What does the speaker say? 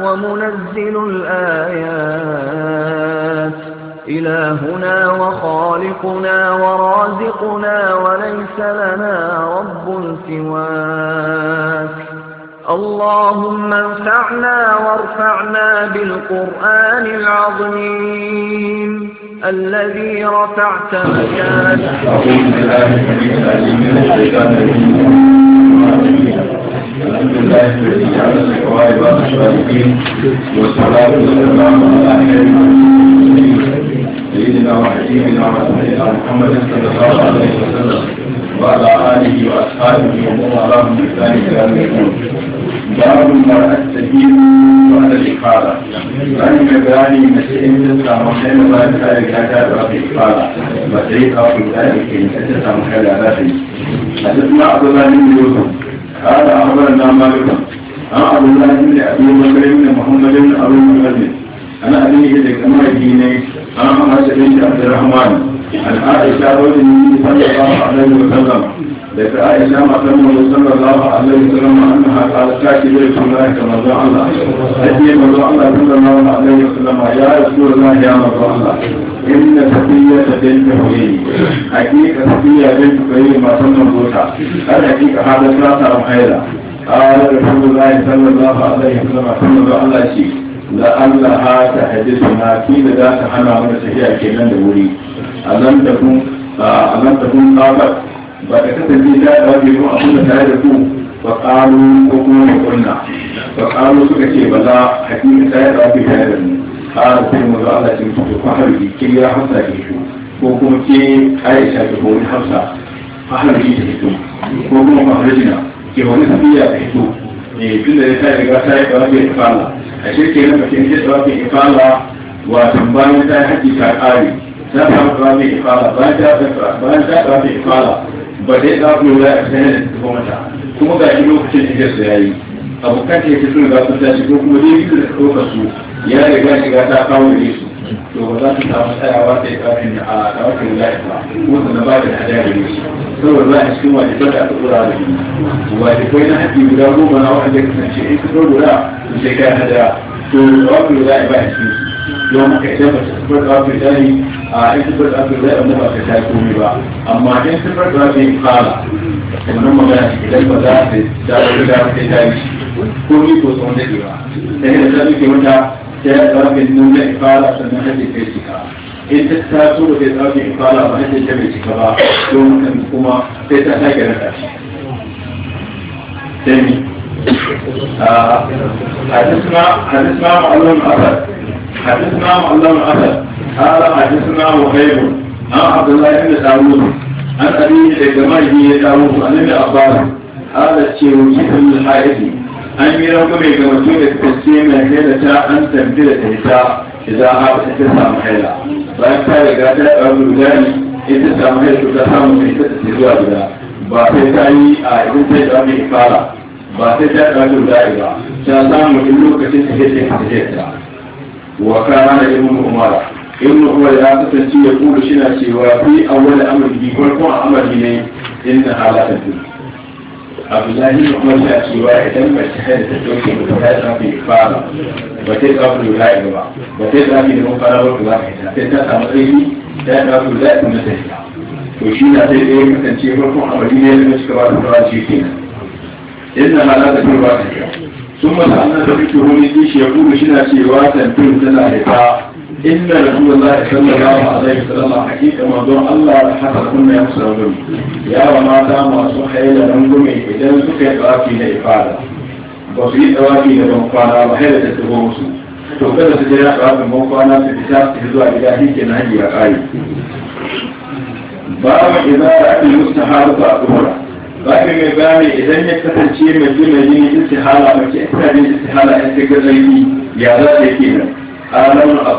ومنزل الآيات إلهنا وخالقنا ورازقنا وليس لنا رب سواك اللهم انفعنا وارفعنا بالقرآن العظيم الذي رفعت مكانه الحمد لله الذي جعل الشكوائي بعض الشاركين والصلاة والسلام على خير سيدنا وحبيبنا محمد صلى الله عليه وسلم وعلى آله وأصحابه ومن والاهم بإحسان إلى يوم الدين باب المرأة السبيل الإقالة لأن مباني مسيح تسعى مخيم الله تعالى كتاب رفي إقالة مسيح أو ذلك إن تسعى مخيم الله حدثنا عبد الله بن يوسف قال أنا مالك عن عبد الله بن ابي بكر بن محمد بن ابي المغني عن ابيه لكما يديني أنا عائشه بنت عبد الرحمن عن عائشه رضي الله عليه وسلم لك عائشه ما صلى الله عليه وسلم انها قالت تاتي بيت الله كما رضى الله تاتي مرضى الله صلى الله عليه وسلم يا رسول الله يا الله إن بنت حقيقة بنت ما هذا ثلاثة قال رسول الله صلى الله عليه وسلم ثم قال الله شيء لعلها تحدثنا كيف ذات حنا من سهيا كيلان دوري ألم تكن ألم تكن قالت بكتت لي لا أبي أقول تعرفون فقالوا وقوم قلنا فقالوا سكتي بلا حكيم سيد أبي هذا قال في مزالة تفحر كي يا حسا يشو وقوم كي عيشة تقول حسا فحر كي تكتو وقوم فحرجنا ke wani tafiya ne eh, tun da ya ta riga ta yi tsawafin ifala a shirke na fashin ta tsawafin ifala wato bayan ta yi haƙi ta ƙari ta samu tsawafin ifala bayan ta bayan ta tsawafin ifala ba dai tsawafin wula a sanar da ta mata kuma ga shi lokacin da su ya yi abokan ta yi ta sun ga sun tashi ko kuma dai biyu da su ya riga shiga ta kawo da su to ba za su samu tsayawa sai kafin a tawakkin lahi ba wasu na bada hada da yi saboda za a cikin wajibai da aka tsora da yi wajibai na haƙi guda goma na wanda kasance in su guda su sai kai hada to tawakkin lahi ba a cikin su don haka idan ba su tsoro tawakkin lahi a in su tsoro tawakkin lahi wanda ba ka ta komi ba amma in su tsoro tawakkin kala wannan magana idan ba za su dawo da sai ta yi komi ko tsawon daɗewa sai da ta duke wata sai a samun nuna ikala sannan hajji kai cika in ta taso da bai samun ikala ba hajji ta bai cika ba don kan kuma sai ta sake raka shi sai ni حدثنا حدثنا معلم أسد حدثنا معلم أسد قال حدثنا وغيره عن عبد الله بن داوود عن أبيه لجماعه داوود عن ابن عباس هذا الشيء من الحائط an yi rauka mai mutum da ce mai haila ta an tambi da ita idan har ta samu haila bayan ta riga ta ɗaura gudani ita samu haila ta samu mai ta tafi zuwa gida ba sai ta yi a idan ta yi ɗaura mai fara ba sai ta mai gudani ba ta samu in lokacin ta hece ta hece wa kana da ibn umar ibn umar ya kasance ya kuma shi na cewa fi awwal amri bi farkon amri ne inna halatu abdullahi kuma yana cewa idan mace kai ta doke ba ta tsafi fara ba ta tsafi da la'i ba ba ta tsafi da mun fara ba ta ita sai ta samu tsayi ta tsafi da la'i kuma ta ita to shi na sai dai kasance farkon amali ne da suka ba ta fara shi kenan inna ma za ta fi ba ta ita sun mata annan da kuke hulu shi ya kuma shi na cewa tantin tana da ta إن رسول الله صلى الله عليه وسلم حقيقة موضوع الله حتى كنا يقصرون يا وما دام وصحيل لنقم إذا سكي طوافي لإفادة وفي طوافي لبنقوانا وحيلة تبومسو to kada su jira tsawafin bankwana su fita su zuwa gida shi ke na hanyar ƙari babu idan ra'ayin mustaharu ba a babu mai bayani idan ya kasance mai ji mai jini istihala mace ita ne istihala in ta gaza yi ya za ta yi kenan